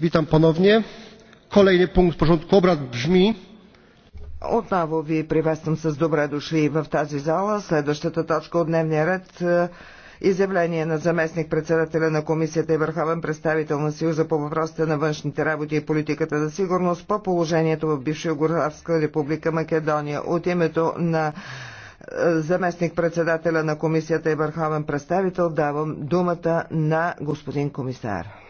witam ponownie. kolejny punkt porządku obrad brzmi отново ви приветствам с добре дошли в тази зала. Следващата точка от дневния ред е, изявление на заместник председателя на комисията и върховен представител на Съюза по въпросите на външните работи и политиката за сигурност по положението в бивша Югославска република Македония. От името на е, заместник председателя на комисията и върховен представител давам думата на господин комисар.